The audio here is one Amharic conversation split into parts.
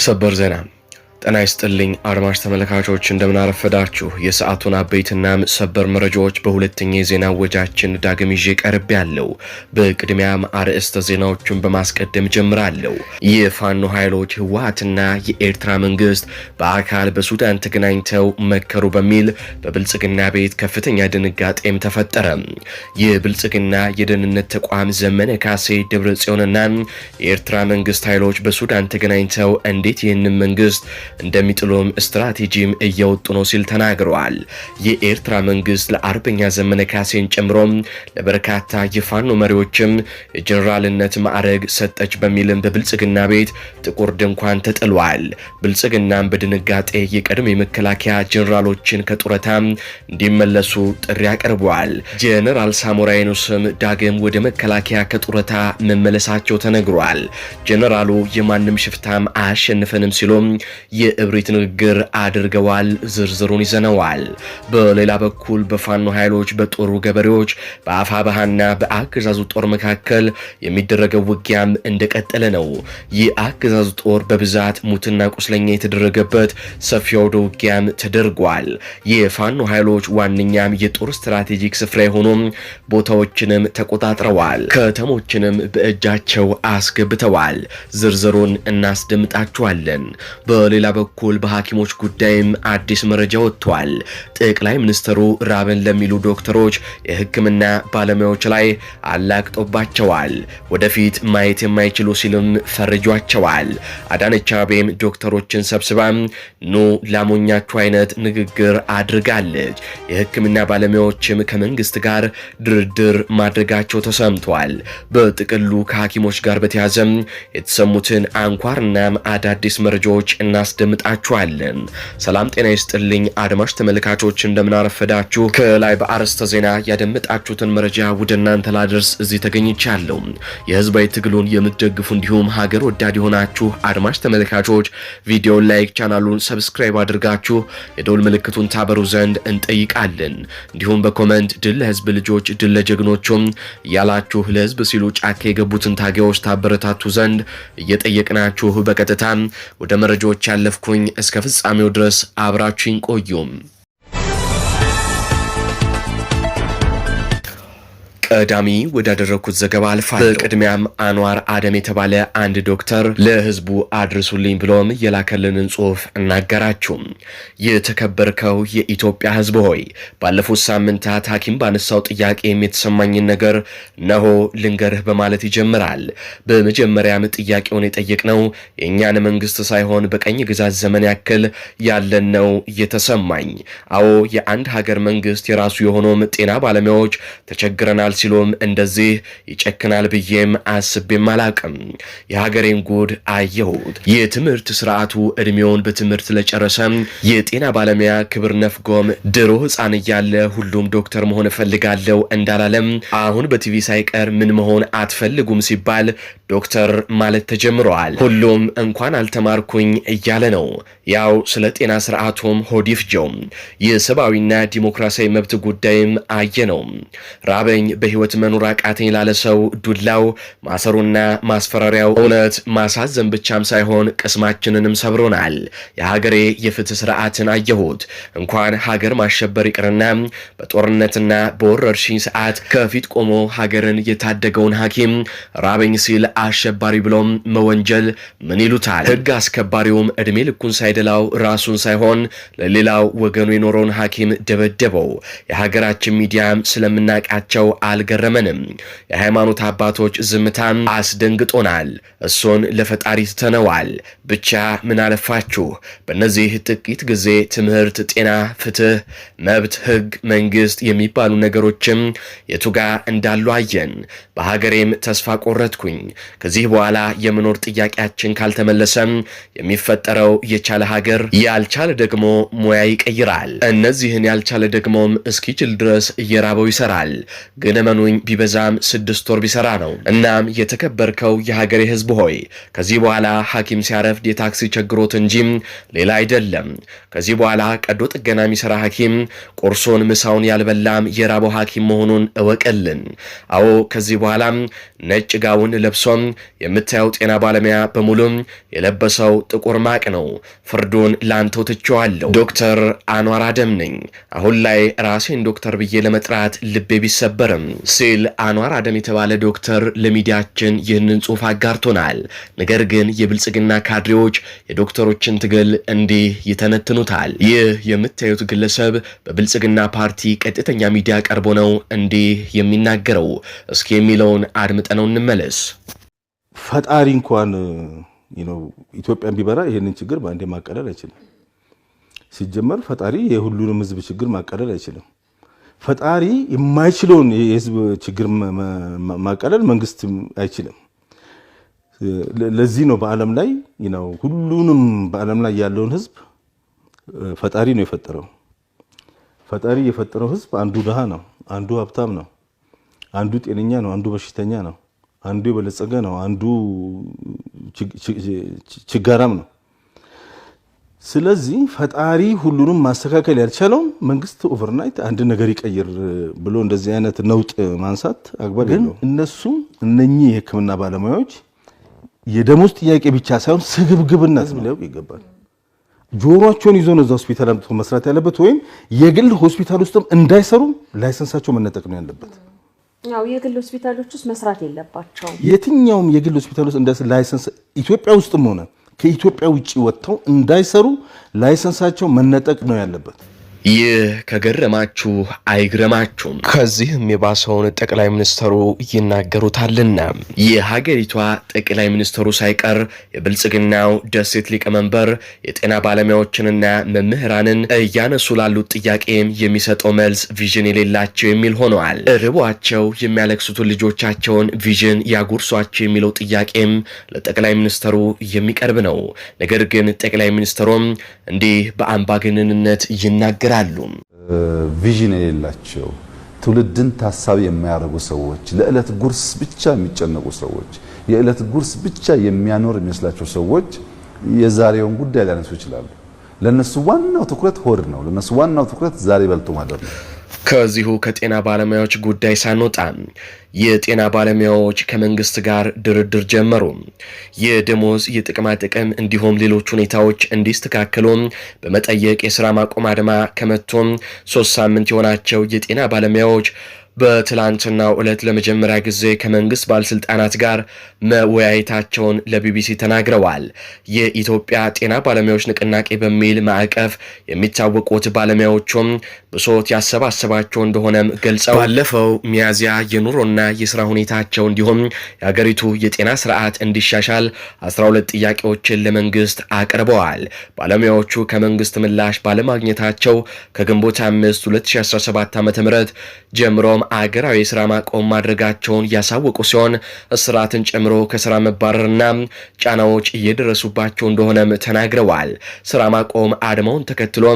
صبر زنم ጤና ይስጥልኝ አድማጭ ተመልካቾች፣ እንደምናረፈዳችሁ የሰዓቱን አበይትና ሰበር መረጃዎች በሁለተኛ የዜና ወጃችን ዳግም ይዤ ቀርብ ያለው። በቅድሚያም አርዕስተ ዜናዎችን በማስቀደም ጀምራለሁ። የፋኖ ኃይሎች ህወሀትና የኤርትራ መንግስት በአካል በሱዳን ተገናኝተው መከሩ በሚል በብልጽግና ቤት ከፍተኛ ድንጋጤም ተፈጠረ። የብልጽግና የደህንነት ተቋም ዘመነ ካሴ ደብረ ጽዮንና የኤርትራ መንግስት ኃይሎች በሱዳን ተገናኝተው እንዴት ይህንን መንግስት እንደሚጥሉም ስትራቴጂም እየወጡ ነው ሲል ተናግረዋል። የኤርትራ መንግስት ለአርበኛ ዘመነ ካሴን ጨምሮ ለበርካታ የፋኖ መሪዎችም የጀኔራልነት ማዕረግ ሰጠች በሚልም በብልጽግና ቤት ጥቁር ድንኳን ተጥሏል። ብልጽግናም በድንጋጤ የቀድሞ የመከላከያ ጀኔራሎችን ከጡረታ እንዲመለሱ ጥሪ አቅርበዋል። ጀኔራል ሳሞራ የኑስም ዳግም ወደ መከላከያ ከጡረታ መመለሳቸው ተነግሯል። ጀኔራሉ የማንም ሽፍታም አያሸንፈንም ሲሎም የእብሪት ንግግር አድርገዋል። ዝርዝሩን ይዘነዋል። በሌላ በኩል በፋኖ ኃይሎች በጦሩ ገበሬዎች በአፋባሃና በአገዛዙ ጦር መካከል የሚደረገው ውጊያም እንደቀጠለ ነው። አገዛዙ ጦር በብዛት ሙትና ቁስለኛ የተደረገበት ሰፊ አውደ ውጊያም ተደርጓል። የፋኖ ኃይሎች ዋነኛም የጦር ስትራቴጂክ ስፍራ የሆኑም ቦታዎችንም ተቆጣጥረዋል። ከተሞችንም በእጃቸው አስገብተዋል። ዝርዝሩን እናስደምጣችኋለን። በሌላ በኩል በሐኪሞች ጉዳይም አዲስ መረጃ ወጥቷል። ጠቅላይ ሚኒስትሩ ራበን ለሚሉ ዶክተሮች የህክምና ባለሙያዎች ላይ አላግጦባቸዋል፣ ወደፊት ማየት የማይችሉ ሲልም ፈርጇቸዋል። አዳነች ዶክተሮችን ሰብስባ ኑ ላሞኛችሁ አይነት ንግግር አድርጋለች። የህክምና ባለሙያዎችም ከመንግስት ጋር ድርድር ማድረጋቸው ተሰምቷል። በጥቅሉ ከሐኪሞች ጋር በተያዘም የተሰሙትን አንኳርና አዳዲስ መረጃዎች እናስ እናስደምጣችኋለን። ሰላም ጤና ይስጥልኝ አድማሽ ተመልካቾች፣ እንደምናረፈዳችሁ ከላይ በአርዕስተ ዜና ያደመጣችሁትን መረጃ ወደ እናንተ ላደርስ እዚህ ተገኝቻለሁ። የህዝባዊ ትግሉን የምትደግፉ እንዲሁም ሀገር ወዳድ የሆናችሁ አድማሽ ተመልካቾች ቪዲዮን ላይክ፣ ቻናሉን ሰብስክራይብ አድርጋችሁ የደውል ምልክቱን ታበሩ ዘንድ እንጠይቃለን። እንዲሁም በኮመንት ድል ለህዝብ ልጆች ድል ለጀግኖቹም እያላችሁ ለህዝብ ሲሉ ጫካ የገቡትን ታጋዮች ታበረታቱ ዘንድ እየጠየቅናችሁ በቀጥታ ወደ መረጃዎች ያለ እያለፍኩኝ እስከ ፍጻሜው ድረስ አብራችኝ ቆዩም። ቀዳሚ ወዳደረኩት ዘገባ አልፋል። በቅድሚያም አንዋር አደም የተባለ አንድ ዶክተር ለህዝቡ አድርሱልኝ ብሎም የላከልንን ጽሁፍ እናገራችሁ። የተከበርከው የኢትዮጵያ ህዝብ ሆይ ባለፉት ሳምንታት ሐኪም ባነሳው ጥያቄም የተሰማኝን ነገር ነሆ ልንገርህ በማለት ይጀምራል። በመጀመሪያም ጥያቄውን የጠየቅነው የእኛን መንግስት ሳይሆን በቀኝ ግዛት ዘመን ያክል ያለን ነው የተሰማኝ። አዎ የአንድ ሀገር መንግስት የራሱ የሆነውም ጤና ባለሙያዎች ተቸግረናል ሲሉም እንደዚህ ይጨክናል ብዬም አስቤም አላቅም። የሀገሬን ጉድ አየሁት። የትምህርት ስርዓቱ እድሜውን በትምህርት ለጨረሰ የጤና ባለሙያ ክብር ነፍጎም ድሮ ህፃን እያለ ሁሉም ዶክተር መሆን እፈልጋለሁ እንዳላለም አሁን በቲቪ ሳይቀር ምን መሆን አትፈልጉም ሲባል ዶክተር ማለት ተጀምረዋል። ሁሉም እንኳን አልተማርኩኝ እያለ ነው። ያው ስለ ጤና ስርዓቱም ሆዲፍጀው የሰብአዊና ዲሞክራሲያዊ መብት ጉዳይም አየ ነው። ራበኝ በህይወት መኖር አቃተኝ ላለ ሰው ዱላው ማሰሩና ማስፈራሪያው እውነት ማሳዘን ብቻም ሳይሆን ቅስማችንንም ሰብሮናል። የሀገሬ የፍትህ ስርዓትን አየሁት። እንኳን ሀገር ማሸበር ይቅርና በጦርነትና በወረርሽኝ ሰዓት ከፊት ቆሞ ሀገርን የታደገውን ሐኪም ራበኝ ሲል አሸባሪ ብሎም መወንጀል ምን ይሉታል? ህግ አስከባሪውም እድሜ ልኩን ሳይደላው ራሱን ሳይሆን ለሌላው ወገኑ የኖረውን ሐኪም ደበደበው። የሀገራችን ሚዲያም ስለምናቃቸው አ አልገረመንም። የሃይማኖት አባቶች ዝምታም አስደንግጦናል፣ እሱን ለፈጣሪ ትተነዋል። ብቻ ምን አለፋችሁ በእነዚህ ጥቂት ጊዜ ትምህርት፣ ጤና፣ ፍትህ፣ መብት፣ ህግ፣ መንግስት የሚባሉ ነገሮችም የቱጋ እንዳሉ አየን። በሀገሬም ተስፋ ቆረጥኩኝ። ከዚህ በኋላ የመኖር ጥያቄያችን ካልተመለሰም የሚፈጠረው የቻለ ሀገር ያልቻለ ደግሞ ሙያ ይቀይራል። እነዚህን ያልቻለ ደግሞም እስኪችል ድረስ እየራበው ይሰራል። ግን ያመኑኝ ቢበዛም ስድስት ወር ቢሰራ ነው። እናም የተከበርከው የሀገሬ ህዝብ ሆይ ከዚህ በኋላ ሐኪም ሲያረፍድ የታክሲ ቸግሮት እንጂም ሌላ አይደለም። ከዚህ በኋላ ቀዶ ጥገና የሚሰራ ሐኪም ቁርሶን ምሳውን ያልበላም የራበው ሐኪም መሆኑን እወቅልን። አዎ ከዚህ በኋላ ነጭ ጋውን ለብሶም የምታየው ጤና ባለሙያ በሙሉም የለበሰው ጥቁር ማቅ ነው። ፍርዱን ላንተው ትቼዋለሁ። ዶክተር አኗራ አደም ነኝ። አሁን ላይ ራሴን ዶክተር ብዬ ለመጥራት ልቤ ቢሰበርም ሲል አኗር አደም የተባለ ዶክተር ለሚዲያችን ይህንን ጽሁፍ አጋርቶናል። ነገር ግን የብልጽግና ካድሬዎች የዶክተሮችን ትግል እንዲህ ይተነትኑታል። ይህ የምታዩት ግለሰብ በብልጽግና ፓርቲ ቀጥተኛ ሚዲያ ቀርቦ ነው እንዲህ የሚናገረው። እስኪ የሚለውን አድምጠነው እንመለስ። ፈጣሪ እንኳን ኢትዮጵያን ቢበራ ይህንን ችግር በአንዴ ማቀለል አይችልም። ሲጀመር ፈጣሪ የሁሉንም ህዝብ ችግር ማቀለል አይችልም። ፈጣሪ የማይችለውን የህዝብ ችግር ማቃለል መንግስት አይችልም። ለዚህ ነው በዓለም ላይ ነው ሁሉንም በዓለም ላይ ያለውን ህዝብ ፈጣሪ ነው የፈጠረው። ፈጣሪ የፈጠረው ህዝብ አንዱ ድሃ ነው፣ አንዱ ሀብታም ነው፣ አንዱ ጤነኛ ነው፣ አንዱ በሽተኛ ነው፣ አንዱ የበለጸገ ነው፣ አንዱ ችጋራም ነው። ስለዚህ ፈጣሪ ሁሉንም ማስተካከል ያልቻለውም መንግስት ኦቨርናይት አንድ ነገር ይቀይር ብሎ እንደዚህ አይነት ነውጥ ማንሳት አግባብ ግን እነሱም እነኚህ የህክምና ባለሙያዎች የደሞዝ ጥያቄ ብቻ ሳይሆን ስግብግብነት ሊያውቅ ይገባል። ጆሮቸውን ይዞ ነው እዛ ሆስፒታል አምጥቶ መስራት ያለበት፣ ወይም የግል ሆስፒታል ውስጥም እንዳይሰሩ ላይሰንሳቸው መነጠቅ ነው ያለበት። ያው የግል ሆስፒታሎች ውስጥ መስራት የለባቸውም። የትኛውም የግል ሆስፒታል ውስጥ እንዳይሰ ላይሰንስ ኢትዮጵያ ውስጥም ሆነ ከኢትዮጵያ ውጭ ወጥተው እንዳይሰሩ ላይሰንሳቸው መነጠቅ ነው ያለበት። ይህ ከገረማችሁ አይግረማችሁም። ከዚህም የባሰውን ጠቅላይ ሚኒስተሩ ይናገሩታልና የሀገሪቷ ጠቅላይ ሚኒስተሩ ሳይቀር የብልጽግናው ደሴት ሊቀመንበር የጤና ባለሙያዎችንና መምህራንን እያነሱ ላሉት ጥያቄም የሚሰጠው መልስ ቪዥን የሌላቸው የሚል ሆነዋል። ርቧቸው የሚያለቅሱትን ልጆቻቸውን ቪዥን ያጉርሷቸው የሚለው ጥያቄም ለጠቅላይ ሚኒስተሩ የሚቀርብ ነው። ነገር ግን ጠቅላይ ሚኒስተሩም እንዲህ በአምባገነንነት ይናገራል ይናገራሉ። ቪዥን የሌላቸው ትውልድን ታሳቢ የማያደርጉ ሰዎች፣ ለዕለት ጉርስ ብቻ የሚጨነቁ ሰዎች፣ የዕለት ጉርስ ብቻ የሚያኖር የሚመስላቸው ሰዎች የዛሬውን ጉዳይ ሊያነሱ ይችላሉ። ለእነሱ ዋናው ትኩረት ሆድ ነው። ለእነሱ ዋናው ትኩረት ዛሬ በልቶ ማደር ነው። ከዚሁ ከጤና ባለሙያዎች ጉዳይ ሳንወጣ የጤና ባለሙያዎች ከመንግስት ጋር ድርድር ጀመሩ። የደሞዝ የጥቅማ ጥቅም እንዲሁም ሌሎች ሁኔታዎች እንዲስተካከሉ በመጠየቅ የስራ ማቆም አድማ ከመቶም ሶስት ሳምንት የሆናቸው የጤና ባለሙያዎች በትላንትናው ዕለት ለመጀመሪያ ጊዜ ከመንግስት ባለስልጣናት ጋር መወያየታቸውን ለቢቢሲ ተናግረዋል። የኢትዮጵያ ጤና ባለሙያዎች ንቅናቄ በሚል ማዕቀፍ የሚታወቁት ባለሙያዎቹም ብሶት ያሰባሰባቸው እንደሆነም ገልጸው ባለፈው ሚያዝያ የኑሮና የስራ ሁኔታቸው እንዲሁም የሀገሪቱ የጤና ስርዓት እንዲሻሻል 12 ጥያቄዎችን ለመንግስት አቅርበዋል። ባለሙያዎቹ ከመንግስት ምላሽ ባለማግኘታቸው ከግንቦት 5 2017 ዓ ም ጀምሮም አገራዊ የስራ ማቆም ማድረጋቸውን ያሳወቁ ሲሆን እስራትን ጨምሮ ከስራ መባረርና ጫናዎች እየደረሱባቸው እንደሆነም ተናግረዋል። ስራ ማቆም አድማውን ተከትሎ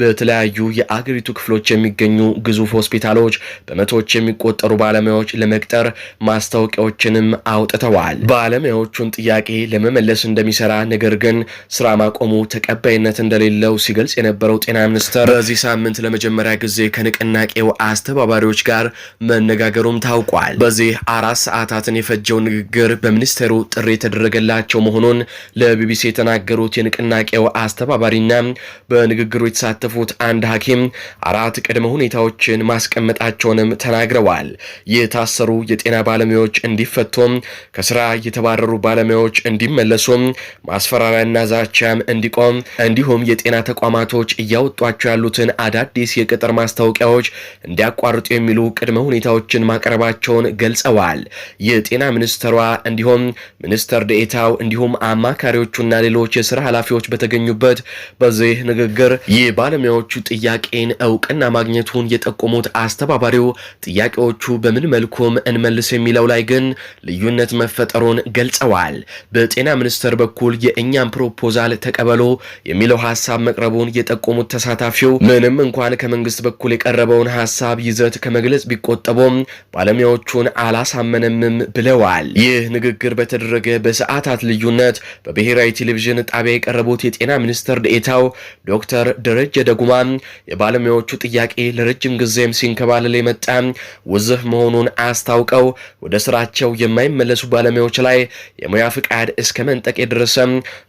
በተለያዩ የአገሪቱ ክፍሎች የሚገኙ ግዙፍ ሆስፒታሎች በመቶዎች የሚቆጠሩ ባለሙያዎች ለመቅጠር ማስታወቂያዎችንም አውጥተዋል። ባለሙያዎቹን ጥያቄ ለመመለስ እንደሚሰራ ነገር ግን ስራ ማቆሙ ተቀባይነት እንደሌለው ሲገልጽ የነበረው ጤና ሚኒስቴር በዚህ ሳምንት ለመጀመሪያ ጊዜ ከንቅናቄው አስተባባሪዎች ጋር መነጋገሩም ታውቋል። በዚህ አራት ሰዓታትን የፈጀው ንግግር በሚኒስቴሩ ጥሪ የተደረገላቸው መሆኑን ለቢቢሲ የተናገሩት የንቅናቄው አስተባባሪና በንግግሩ የተሳተፉት አንድ ሐኪም አራት ቅድመ ሁኔታዎችን ማስቀመጣቸውንም ተናግረዋል። የታሰሩ የጤና ባለሙያዎች እንዲፈቱም፣ ከስራ የተባረሩ ባለሙያዎች እንዲመለሱም፣ ማስፈራሪያና ዛቻም እንዲቆም እንዲሁም የጤና ተቋማቶች እያወጧቸው ያሉትን አዳዲስ የቅጥር ማስታወቂያዎች እንዲያቋርጡ የሚሉ ቅድመ ሁኔታዎችን ማቅረባቸውን ገልጸዋል። የጤና ሚኒስትሯ እንዲሁም ሚኒስተር ደኤታው እንዲሁም አማካሪዎቹና ሌሎች የስራ ኃላፊዎች በተገኙበት በዚህ ንግግር የባለሙያዎቹ ጥያቄን እውቅና ማግኘቱን የጠቆሙት አስተባባሪው ጥያቄዎቹ በምን መልኩም እንመልስ የሚለው ላይ ግን ልዩነት መፈጠሩን ገልጸዋል። በጤና ሚኒስቴር በኩል የእኛም ፕሮፖዛል ተቀበሎ የሚለው ሀሳብ መቅረቡን የጠቆሙት ተሳታፊው ምንም እንኳን ከመንግስት በኩል የቀረበውን ሀሳብ ይዘት ከመግለጽ ቢቆጠቡም ባለሙያዎቹን አላሳመነምም ብለዋል። ይህ ንግግር በተደረገ በሰዓታት ልዩነት በብሔራዊ ቴሌቪዥን ጣቢያ የቀረቡት የጤና ሚኒስትር ዴኤታው ዶክተር ደረጀ ደጉማ የባለሙያዎቹ ጥያቄ ለረጅም ጊዜም ሲንከባለል የመጣ ውዝፍ መሆኑን አስታውቀው ወደ ስራቸው የማይመለሱ ባለሙያዎች ላይ የሙያ ፍቃድ እስከ መንጠቅ የደረሰ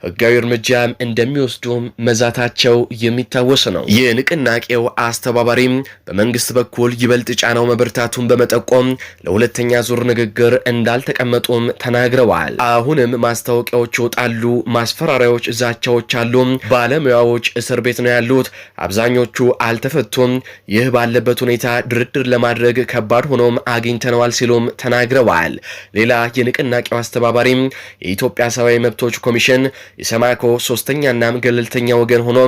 ህጋዊ እርምጃም እንደሚወስዱም መዛታቸው የሚታወስ ነው። ይህ ንቅናቄው አስተባባሪም በመንግስት በኩል ይበልጥ ጫነው መበርታቱን በመጠቆም ለሁለተኛ ዙር ንግግር እንዳልተቀመጡም ተናግረዋል። አሁንም ማስታወቂያዎች ይወጣሉ፣ ማስፈራሪያዎች፣ ዛቻዎች አሉ። ባለሙያዎች እስር ቤት ነው ያሉት፣ አብዛኞቹ አልተፈቱም። ይህ ባለበት ሁኔታ ድርድር ለማድረግ ከባድ ሆኖም አግኝተነዋል ሲሉም ተናግረዋል። ሌላ የንቅናቄው አስተባባሪም የኢትዮጵያ ሰብአዊ መብቶች ኮሚሽን የሰማኮ ሶስተኛና ገለልተኛ ወገን ሆኖ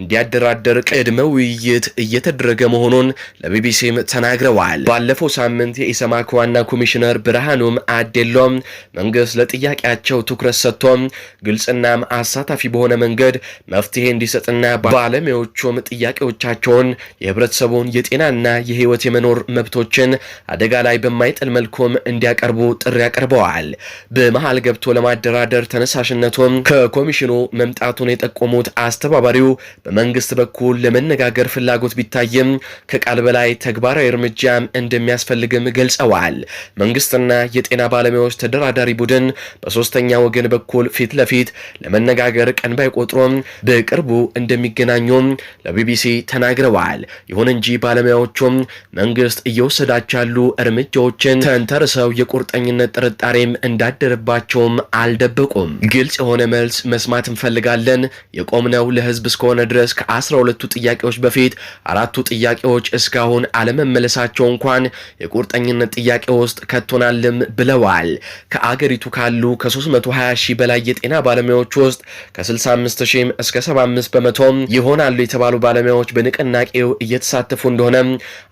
እንዲያደራደር ቅድመ ውይይት እየተደረገ መሆኑን ለቢቢሲም ተናግረዋል። ተናግረዋል። ባለፈው ሳምንት የኢሰማኮ ዋና ኮሚሽነር ብርሃኑም አዴሎም መንግስት ለጥያቄያቸው ትኩረት ሰጥቶም ግልጽናም አሳታፊ በሆነ መንገድ መፍትሄ እንዲሰጥና ባለሙያዎቹም ጥያቄዎቻቸውን የህብረተሰቡን የጤናና የህይወት የመኖር መብቶችን አደጋ ላይ በማይጥል መልኩም እንዲያቀርቡ ጥሪ አቅርበዋል። በመሃል ገብቶ ለማደራደር ተነሳሽነቱም ከኮሚሽኑ መምጣቱን የጠቆሙት አስተባባሪው በመንግስት በኩል ለመነጋገር ፍላጎት ቢታይም ከቃል በላይ ተግባራዊ እርምጃ መረጃም እንደሚያስፈልግም ገልጸዋል። መንግስትና የጤና ባለሙያዎች ተደራዳሪ ቡድን በሶስተኛ ወገን በኩል ፊት ለፊት ለመነጋገር ቀን ባይቆጥሮም በቅርቡ እንደሚገናኙም ለቢቢሲ ተናግረዋል። ይሁን እንጂ ባለሙያዎቹም መንግስት እየወሰዳቸው ያሉ እርምጃዎችን ተንተርሰው የቁርጠኝነት ጥርጣሬም እንዳደረባቸውም አልደበቁም። ግልጽ የሆነ መልስ መስማት እንፈልጋለን። የቆምነው ለህዝብ እስከሆነ ድረስ ከአስራ ሁለቱ ጥያቄዎች በፊት አራቱ ጥያቄዎች እስካሁን አለመመለሳቸው መሆናቸው እንኳን የቁርጠኝነት ጥያቄ ውስጥ ከቶናልም ብለዋል። ከአገሪቱ ካሉ ከ320 ሺህ በላይ የጤና ባለሙያዎች ውስጥ ከ65 ሺህም እስከ 75 በመቶ ይሆናሉ የተባሉ ባለሙያዎች በንቅናቄው እየተሳተፉ እንደሆነ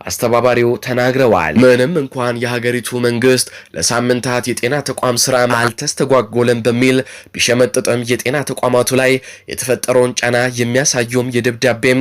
አስተባባሪው ተናግረዋል። ምንም እንኳን የሀገሪቱ መንግስት ለሳምንታት የጤና ተቋም ስራ አልተስተጓጎለም በሚል ቢሸመጥጥም የጤና ተቋማቱ ላይ የተፈጠረውን ጫና የሚያሳዩም የደብዳቤም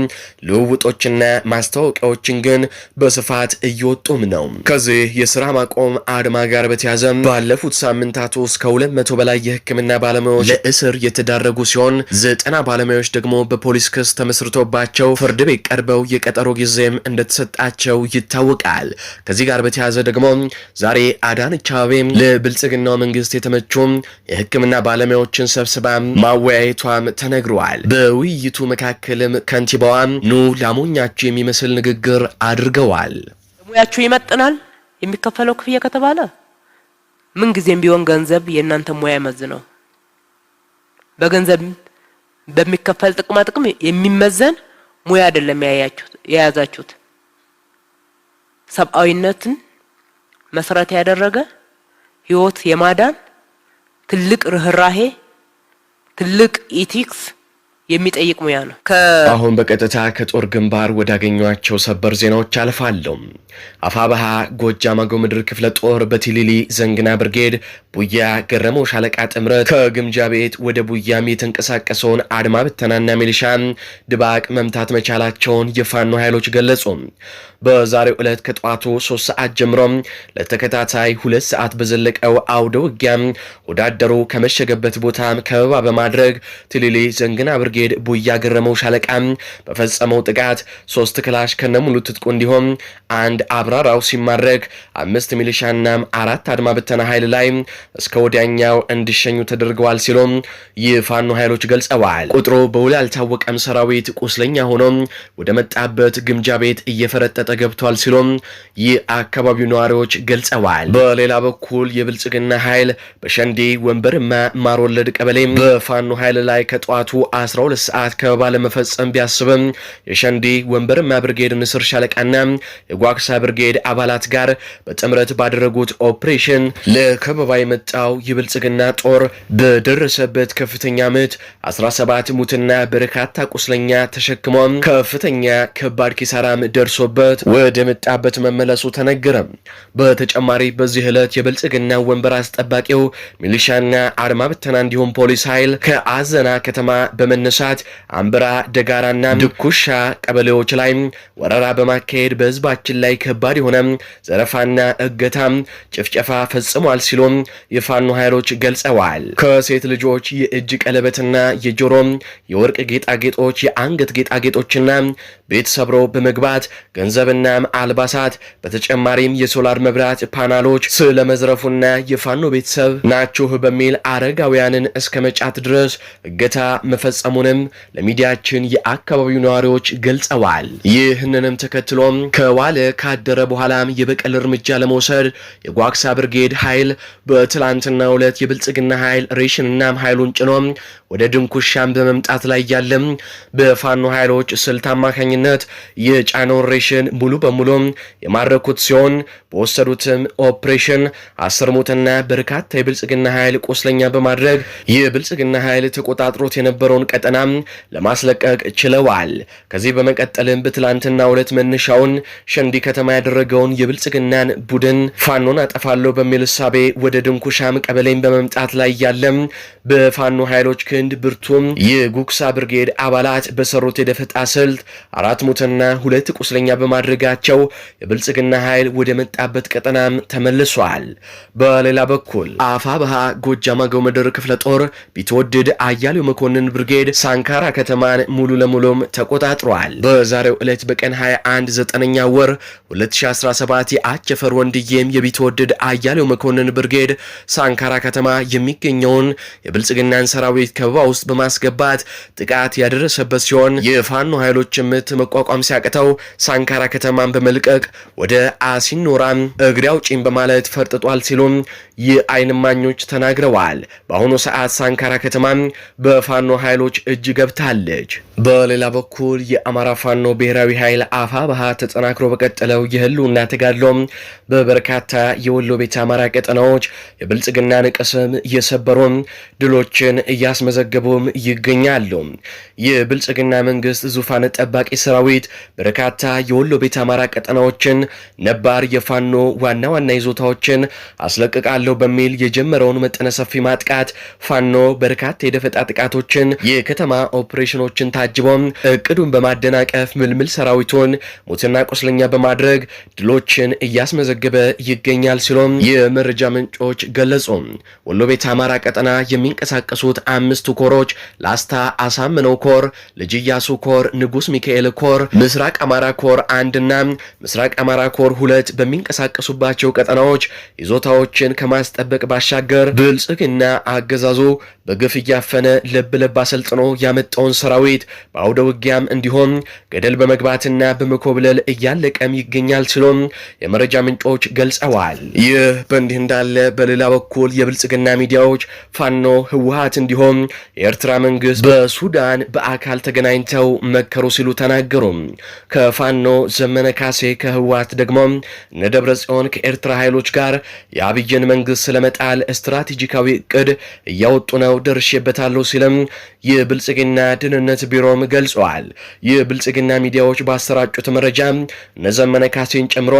ልውውጦችና ማስታወቂያዎችን ግን በስፋት እየወጡም ነው። ከዚህ የስራ ማቆም አድማ ጋር በተያዘ ባለፉት ሳምንታት ውስጥ ከሁለት መቶ በላይ የህክምና ባለሙያዎች ለእስር የተዳረጉ ሲሆን ዘጠና ባለሙያዎች ደግሞ በፖሊስ ክስ ተመስርቶባቸው ፍርድ ቤት ቀርበው የቀጠሮ ጊዜም እንደተሰጣቸው ይታወቃል። ከዚህ ጋር በተያዘ ደግሞ ዛሬ አዳነች አቤቤ ለብልጽግናው መንግስት የተመቹም የህክምና ባለሙያዎችን ሰብስባ ማወያየቷም ተነግረዋል። በውይይቱ መካከልም ከንቲባዋም ኑ ላሞኛቸው የሚመስል ንግግር አድርገዋል። ሙያችሁ ይመጥናል የሚከፈለው ክፍያ ከተባለ ምን ጊዜም ቢሆን ገንዘብ የእናንተ ሙያ ይመዝነው። በገንዘብ በሚከፈል ጥቅማ ጥቅም የሚመዘን ሙያ አይደለም የያዛችሁት። ሰብአዊነትን መሰረት ያደረገ ህይወት የማዳን ትልቅ ርህራሄ፣ ትልቅ ኢቲክስ የሚጠይቅ ሙያ ነው። አሁን በቀጥታ ከጦር ግንባር ወዳገኟቸው ሰበር ዜናዎች አልፋለሁ። አፋበሃ ጎጃም አገው ምድር ክፍለ ጦር በቲሊሊ ዘንግና ብርጌድ ቡያ ገረመው ሻለቃ ጥምረት ከግምጃ ቤት ወደ ቡያም የተንቀሳቀሰውን አድማ ብተናና ሚሊሻ ድባቅ መምታት መቻላቸውን የፋኖ ኃይሎች ገለጹ። በዛሬው ዕለት ከጠዋቱ ሶስት ሰዓት ጀምሮ ለተከታታይ ሁለት ሰዓት በዘለቀው አውደ ውጊያም ወዳደሩ ከመሸገበት ቦታ ከበባ በማድረግ ቲሊሊ ዘንግና ብርጌድ ብርጌድ ቡያ ገረመው ሻለቃ በፈጸመው ጥቃት ሶስት ክላሽ ከነሙሉ ትጥቁ እንዲሁም አንድ አብራራው ሲማረክ አምስት ሚሊሻና አራት አድማ ብተና ኃይል ላይ እስከ ወዲያኛው እንዲሸኙ ተደርገዋል ሲሉም የፋኖ ኃይሎች ገልጸዋል። ቁጥሩ በውል ያልታወቀም ሰራዊት ቁስለኛ ሆኖ ወደ መጣበት ግምጃ ቤት እየፈረጠጠ ገብቷል ይህ የአካባቢው ነዋሪዎች ገልጸዋል። በሌላ በኩል የብልጽግና ኃይል በሸንዴ ወንበርማ ማሮለድ ቀበሌ በፋኖ ኃይል ላይ ከጠዋቱ 12 12 ሰዓት ከበባ ለመፈጸም ቢያስብም የሸንዲ ወንበርማ ብርጌድ ንስር ሻለቃና የጓክሳ ብርጌድ አባላት ጋር በጥምረት ባደረጉት ኦፕሬሽን ለከበባ የመጣው የብልጽግና ጦር በደረሰበት ከፍተኛ ምት 17 ሙትና በርካታ ቁስለኛ ተሸክሞ ከፍተኛ ከባድ ኪሳራም ደርሶበት ወደ መጣበት መመለሱ ተነገረ። በተጨማሪ በዚህ ዕለት የብልጽግና ወንበር አስጠባቂው ሚሊሻና አርማ ብተና እንዲሁም ፖሊስ ኃይል ከአዘና ከተማ በመነሳ በመነሳት አንብራ ደጋራና ድኩሻ ቀበሌዎች ላይ ወረራ በማካሄድ በህዝባችን ላይ ከባድ የሆነ ዘረፋና እገታ፣ ጭፍጨፋ ፈጽሟል ሲሉም የፋኖ ኃይሎች ገልጸዋል። ከሴት ልጆች የእጅ ቀለበትና የጆሮ የወርቅ ጌጣጌጦች፣ የአንገት ጌጣጌጦችና ቤት ሰብሮ በመግባት ገንዘብና አልባሳት በተጨማሪም የሶላር መብራት ፓናሎች ስለመዝረፉና የፋኖ ቤተሰብ ናችሁ በሚል አረጋውያንን እስከ መጫት ድረስ እገታ መፈጸሙን መሆኑንም ለሚዲያችን የአካባቢው ነዋሪዎች ገልጸዋል። ይህንንም ተከትሎም ከዋለ ካደረ በኋላም የበቀል እርምጃ ለመውሰድ የጓክሳ ብርጌድ ኃይል በትላንትና ሁለት የብልጽግና ኃይል ሬሽንናም ኃይሉን ጭኖ ወደ ድንኩሻም በመምጣት ላይ ያለም በፋኖ ኃይሎች ስልት አማካኝነት የጫነውን ሬሽን ሙሉ በሙሉ የማረኩት ሲሆን በወሰዱትም ኦፕሬሽን አስር ሙትና በርካታ የብልጽግና ኃይል ቆስለኛ በማድረግ የብልጽግና ኃይል ተቆጣጥሮት የነበረውን ቀጠና ለማስለቀቅ ችለዋል። ከዚህ በመቀጠልም በትላንትና ሁለት መነሻውን ሸንዲ ከተማ ያደረገውን የብልጽግናን ቡድን ፋኖን አጠፋለሁ በሚል እሳቤ ወደ ድንኩሻም ቀበሌን በመምጣት ላይ ያለም በፋኖ ኃይሎች ክንድ ብርቱም የጉክሳ ብርጌድ አባላት በሰሩት የደፈጣ ስልት አራት ሙትና ሁለት ቁስለኛ በማድረጋቸው የብልጽግና ኃይል ወደ መጣበት ቀጠናም ተመልሷል። በሌላ በኩል አፋ በሃ ጎጃም አገው ምድር ክፍለ ጦር አያሌው መኮንን ብርጌድ ሳንካራ ከተማን ሙሉ ለሙሉም ተቆጣጥሯል። በዛሬው ዕለት በቀን 21 ዘጠነኛ ወር 2017 የአቸፈር ወንድዬም የቢትወደድ አያሌው መኮንን ብርጌድ ሳንካራ ከተማ የሚገኘውን የብልጽግናን ሰራዊት ከበባ ውስጥ በማስገባት ጥቃት ያደረሰበት ሲሆን የፋኖ ኃይሎች ምት መቋቋም ሲያቅተው ሳንካራ ከተማን በመልቀቅ ወደ አሲኖራን እግሬ አውጪኝ በማለት ፈርጥጧል ሲሉም የአይንማኞች ተናግረዋል። በአሁኑ ሰዓት ሳንካራ ከተማ በፋኖ ኃይሎች እጅ ገብታለች። በሌላ በኩል የአማራ ፋኖ ብሔራዊ ኃይል አፋ ባሃ ተጠናክሮ በቀጠለው የህልውና ተጋድሎም በበርካታ የወሎ ቤት አማራ ቀጠናዎች የብልጽግና ንቅስም እየሰበሩም ድሎችን እያስመዘገቡም ይገኛሉ። የብልጽግና መንግስት ዙፋን ጠባቂ ሰራዊት በርካታ የወሎ ቤተ አማራ ቀጠናዎችን ነባር የፋኖ ዋና ዋና ይዞታዎችን አስለቅቃለሁ በሚል የጀመረውን መጠነ ሰፊ ማጥቃት ፋኖ በርካታ የደፈጣ ጥቃቶችን ከተማ ኦፕሬሽኖችን ታጅቦም እቅዱን በማደናቀፍ ምልምል ሰራዊቱን ሙትና ቁስለኛ በማድረግ ድሎችን እያስመዘገበ ይገኛል ሲሎም የመረጃ ምንጮች ገለጹ። ወሎ ቤት አማራ ቀጠና የሚንቀሳቀሱት አምስቱ ኮሮች ላስታ አሳምነው ኮር፣ ልጅ ኢያሱ ኮር፣ ንጉስ ሚካኤል ኮር፣ ምስራቅ አማራ ኮር አንድና ምስራቅ አማራ ኮር ሁለት በሚንቀሳቀሱባቸው ቀጠናዎች ይዞታዎችን ከማስጠበቅ ባሻገር ብልጽግና አገዛዙ በግፍ እያፈነ ለብ ለብ አሰልጥኖ ያመጣውን ሰራዊት በአውደ ውጊያም እንዲሆን ገደል በመግባትና በመኮብለል እያለቀም ይገኛል ሲሉም የመረጃ ምንጮች ገልጸዋል። ይህ በእንዲህ እንዳለ በሌላ በኩል የብልጽግና ሚዲያዎች ፋኖ ህወሀት እንዲሆን የኤርትራ መንግስት በሱዳን በአካል ተገናኝተው መከሩ ሲሉ ተናገሩ። ከፋኖ ዘመነ ካሴ ከህወሀት ደግሞ እነ ደብረ ጽዮን ከኤርትራ ኃይሎች ጋር የአብይን መንግስት ስለመጣል ስትራቴጂካዊ እቅድ እያወጡ ነው ደርሼበታለሁ ሲልም የብልጽግና ደህንነት ቢሮም ገልጸዋል። ብልጽግና ሚዲያዎች ባሰራጩት መረጃ እነዘመነ ካሴን ጨምሮ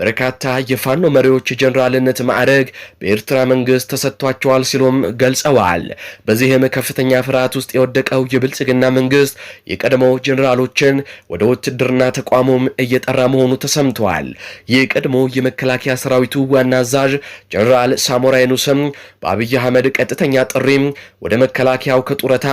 በርካታ የፋኖ መሪዎች ጀኔራልነት ማዕረግ በኤርትራ መንግስት ተሰጥቷቸዋል ሲሉም ገልጸዋል። በዚህም ከፍተኛ ፍርሃት ውስጥ የወደቀው የብልጽግና መንግስት የቀድሞ ጀኔራሎችን ወደ ውትድርና ተቋሙም እየጠራ መሆኑ ተሰምተዋል። የቀድሞ የመከላከያ ሰራዊቱ ዋና አዛዥ ጀኔራል ሳሞራ የኑስም በአብይ አህመድ ቀጥተኛ ጥሪ ወደ መከላከያው ከጡረታ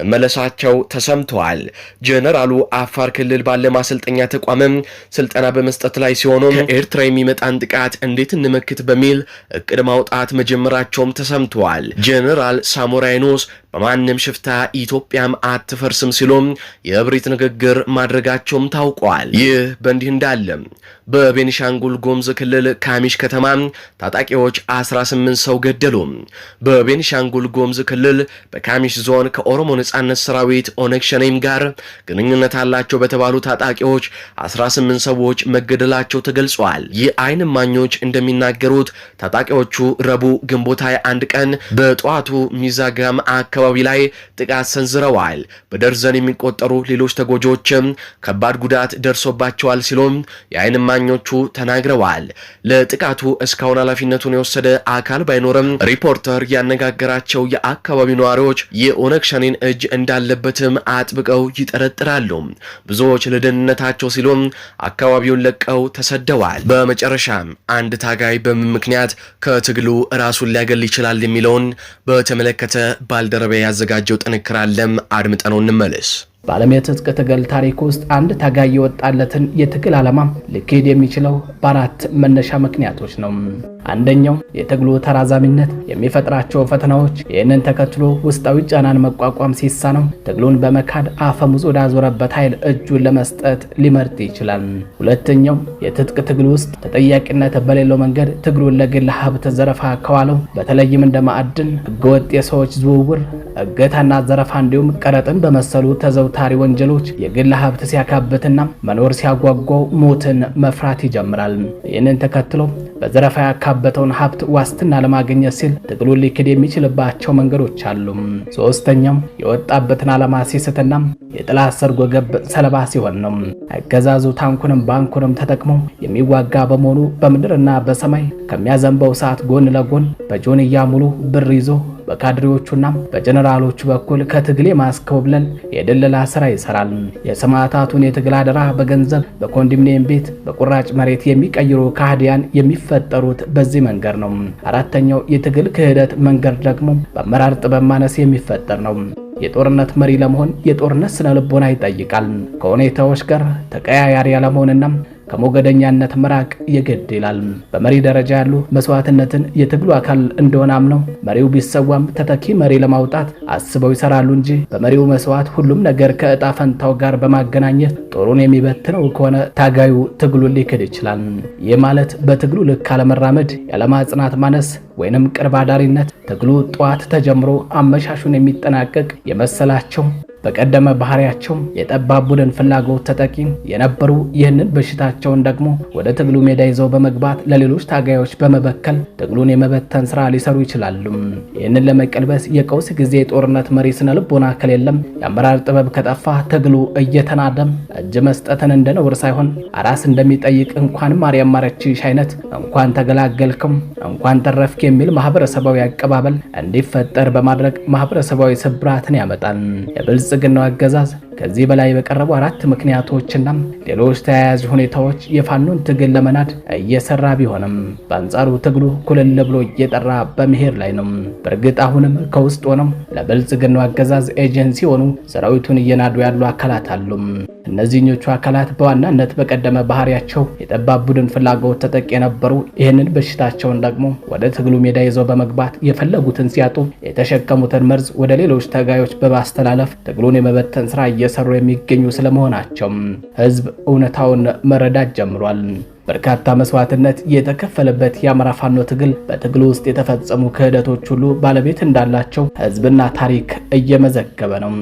መመለሳቸው ተሰምተዋል። ጀነራሉ አፋር ክልል ባለ ማሰልጠኛ ተቋምም ስልጠና በመስጠት ላይ ሲሆኑ ከኤርትራ የሚመጣን ጥቃት እንዴት እንመክት በሚል እቅድ ማውጣት መጀመራቸውም ተሰምተዋል። ጀነራል ሳሞራ በማንም ሽፍታ ኢትዮጵያም አትፈርስም ሲሉም የእብሪት ንግግር ማድረጋቸውም ታውቋል። ይህ በእንዲህ እንዳለም በቤኒሻንጉል ጉሙዝ ክልል ካሚሽ ከተማ ታጣቂዎች 18 ሰው ገደሉ። በቤኒሻንጉል ጉሙዝ ክልል በካሚሽ ዞን ከኦሮሞ ነጻነት ሰራዊት ኦነግ ሸኔም ጋር ግንኙነት አላቸው በተባሉ ታጣቂዎች 18 ሰዎች መገደላቸው ተገልጿል። የአይን ማኞች እንደሚናገሩት ታጣቂዎቹ ረቡዕ ግንቦት 21 ቀን በጠዋቱ ሚዛጋም አካባቢ ላይ ጥቃት ሰንዝረዋል። በደርዘን የሚቆጠሩ ሌሎች ተጎጂዎችም ከባድ ጉዳት ደርሶባቸዋል ሲሉም የአይን ተንታኞቹ ተናግረዋል። ለጥቃቱ እስካሁን ኃላፊነቱን የወሰደ አካል ባይኖርም ሪፖርተር ያነጋገራቸው የአካባቢው ነዋሪዎች የኦነግ ሸኔን እጅ እንዳለበትም አጥብቀው ይጠረጥራሉ። ብዙዎች ለደህንነታቸው ሲሉም አካባቢውን ለቀው ተሰደዋል። በመጨረሻም አንድ ታጋይ በምን ምክንያት ከትግሉ ራሱን ሊያገል ይችላል የሚለውን በተመለከተ ባልደረባ ያዘጋጀው ጥንክር አለም አድምጠነው እንመለስ። በዓለም የትጥቅ ትግል ታሪክ ውስጥ አንድ ታጋይ የወጣለትን የትግል ዓላማ ሊካሄድ የሚችለው በአራት መነሻ ምክንያቶች ነው። አንደኛው የትግሉ ተራዛሚነት የሚፈጥራቸው ፈተናዎች፣ ይህንን ተከትሎ ውስጣዊ ጫናን መቋቋም ሲሳነው ትግሉን በመካድ አፈሙዝ ወዳዞረበት ኃይል እጁን ለመስጠት ሊመርጥ ይችላል። ሁለተኛው የትጥቅ ትግል ውስጥ ተጠያቂነት በሌለው መንገድ ትግሉን ለግል ሀብት ዘረፋ ከዋለው በተለይም እንደ ማዕድን፣ ህገወጥ የሰዎች ዝውውር፣ እገታና ዘረፋ እንዲሁም ቀረጥን በመሰሉ ተዘው ታሪ ወንጀሎች የግል ሀብት ሲያካብትና መኖር ሲያጓጓው ሞትን መፍራት ይጀምራል። ይህንን ተከትሎ በዘረፋ ያካበተውን ሀብት ዋስትና ለማግኘት ሲል ትግሉን ሊክድ የሚችልባቸው መንገዶች አሉ። ሶስተኛው የወጣበትን ዓላማ ሲስትና የጥላት ሰርጎ ገብ ሰለባ ሲሆን ነው። አገዛዙ ታንኩንም ባንኩንም ተጠቅሞ የሚዋጋ በመሆኑ በምድርና በሰማይ ከሚያዘንበው ሰዓት ጎን ለጎን በጆንያ ሙሉ ብር ይዞ በካድሬዎቹና በጀነራሎቹ በኩል ከትግል የማስኮብለል የደለላ ስራ ይሰራል። የሰማዕታቱን የትግል አደራ በገንዘብ በኮንዶሚኒየም ቤት በቁራጭ መሬት የሚቀይሩ ካህዲያን የሚፈጠሩት በዚህ መንገድ ነው። አራተኛው የትግል ክህደት መንገድ ደግሞ በአመራር ጥበብ ማነስ የሚፈጠር ነው። የጦርነት መሪ ለመሆን የጦርነት ስነ ልቦና ይጠይቃል። ከሁኔታዎች ጋር ተቀያያሪ ያለመሆንና ከሞገደኛነት መራቅ የግድ ይላል። በመሪ ደረጃ ያሉ መስዋዕትነትን የትግሉ አካል እንደሆነ አምነው መሪው ቢሰዋም ተተኪ መሪ ለማውጣት አስበው ይሰራሉ እንጂ በመሪው መስዋዕት ሁሉም ነገር ከእጣ ፈንታው ጋር በማገናኘት ጦሩን የሚበትነው ከሆነ ታጋዩ ትግሉን ሊክድ ይችላል። ይህ ማለት በትግሉ ልክ አለመራመድ፣ የዓላማ ማነስ ወይንም ቅርብ አዳሪነት ትግሉ ጠዋት ተጀምሮ አመሻሹን የሚጠናቀቅ የመሰላቸው በቀደመ ባህሪያቸው የጠባብ ቡድን ፍላጎት ተጠቂ የነበሩ ይህንን በሽታቸውን ደግሞ ወደ ትግሉ ሜዳ ይዘው በመግባት ለሌሎች ታጋዮች በመበከል ትግሉን የመበተን ስራ ሊሰሩ ይችላሉ። ይህንን ለመቀልበስ የቀውስ ጊዜ የጦርነት መሪ ስነ ልቦና ከሌለም፣ የአመራር ጥበብ ከጠፋ ትግሉ እየተናደም እጅ መስጠትን እንደ ነውር ሳይሆን አራስ እንደሚጠይቅ እንኳን ማርያም ማረችሽ አይነት እንኳን ተገላገልክም እንኳን ተረፍክ የሚል ማህበረሰባዊ አቀባበል እንዲፈጠር በማድረግ ማህበረሰባዊ ስብራትን ያመጣል። የብልጽግናው አገዛዝ ከዚህ በላይ በቀረቡ አራት ምክንያቶችና ሌሎች ተያያዥ ሁኔታዎች የፋኖን ትግል ለመናድ እየሰራ ቢሆንም በአንጻሩ ትግሉ ኩልል ብሎ እየጠራ በመሄድ ላይ ነው። በእርግጥ አሁንም ከውስጥ ሆነው ለብልጽግናው አገዛዝ ኤጀንሲ ሆኑ ሰራዊቱን እየናዱ ያሉ አካላት አሉ። እነዚህኞቹ አካላት በዋናነት በቀደመ ባህሪያቸው የጠባብ ቡድን ፍላጎት ተጠቂ የነበሩ፣ ይህንን በሽታቸውን ደግሞ ወደ ትግሉ ሜዳ ይዘው በመግባት የፈለጉትን ሲያጡ የተሸከሙትን መርዝ ወደ ሌሎች ተጋዮች በማስተላለፍ ትግሉ ትግሉን የመበተን ስራ እየሰሩ የሚገኙ ስለመሆናቸው ህዝብ እውነታውን መረዳት ጀምሯል። በርካታ መስዋዕትነት የተከፈለበት የአማራ ፋኖ ትግል በትግሉ ውስጥ የተፈጸሙ ክህደቶች ሁሉ ባለቤት እንዳላቸው ህዝብና ታሪክ እየመዘገበ ነው።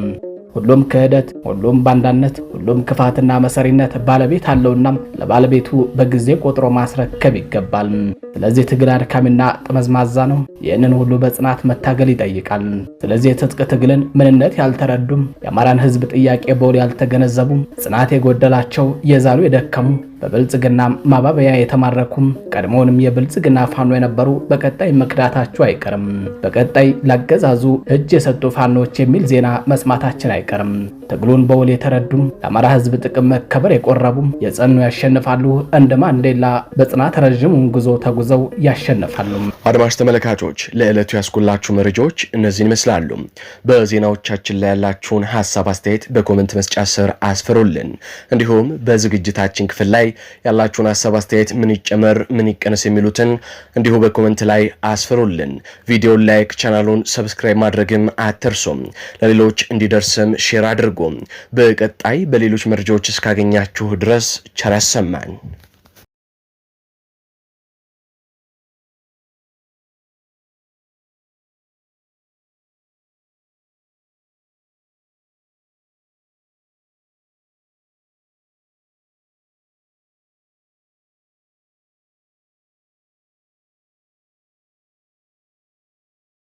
ሁሉም ክህደት፣ ሁሉም ባንዳነት፣ ሁሉም ክፋትና መሰሪነት ባለቤት አለውና ለባለቤቱ በጊዜ ቆጥሮ ማስረከብ ይገባል። ስለዚህ ትግል አድካሚና ጠመዝማዛ ነው። ይህንን ሁሉ በጽናት መታገል ይጠይቃል። ስለዚህ የትጥቅ ትግልን ምንነት ያልተረዱም፣ የአማራን ሕዝብ ጥያቄ በውል ያልተገነዘቡም ጽናት የጎደላቸው የዛሉ የደከሙ በብልጽግና ማባበያ የተማረኩም ቀድሞውንም የብልጽግና ፋኖ የነበሩ በቀጣይ መክዳታቸው አይቀርም። በቀጣይ ላገዛዙ እጅ የሰጡ ፋኖች የሚል ዜና መስማታችን አይቀርም። ትግሉን በውል የተረዱም ለአማራ ህዝብ ጥቅም መከበር የቆረቡም የጸኑ ያሸንፋሉ። እንደ ማንዴላ በጽናት ረዥሙን ጉዞ ተጉዘው ያሸንፋሉ። አድማጭ ተመልካቾች ለዕለቱ ያስኩላችሁ መረጃዎች እነዚህን ይመስላሉ። በዜናዎቻችን ላይ ያላችሁን ሀሳብ አስተያየት በኮመንት መስጫ ስር አስፈሩልን። እንዲሁም በዝግጅታችን ክፍል ላይ ያላችሁን ሀሳብ አስተያየት፣ ምን ይጨመር ምን ይቀነስ የሚሉትን እንዲሁ በኮመንት ላይ አስፈሩልን። ቪዲዮን ላይክ፣ ቻናሉን ሰብስክራይብ ማድረግም አትርሱም። ለሌሎች እንዲደርስም ሼር አድርጉ። አድርጎ በቀጣይ በሌሎች መረጃዎች እስካገኛችሁ ድረስ ቸር ያሰማን።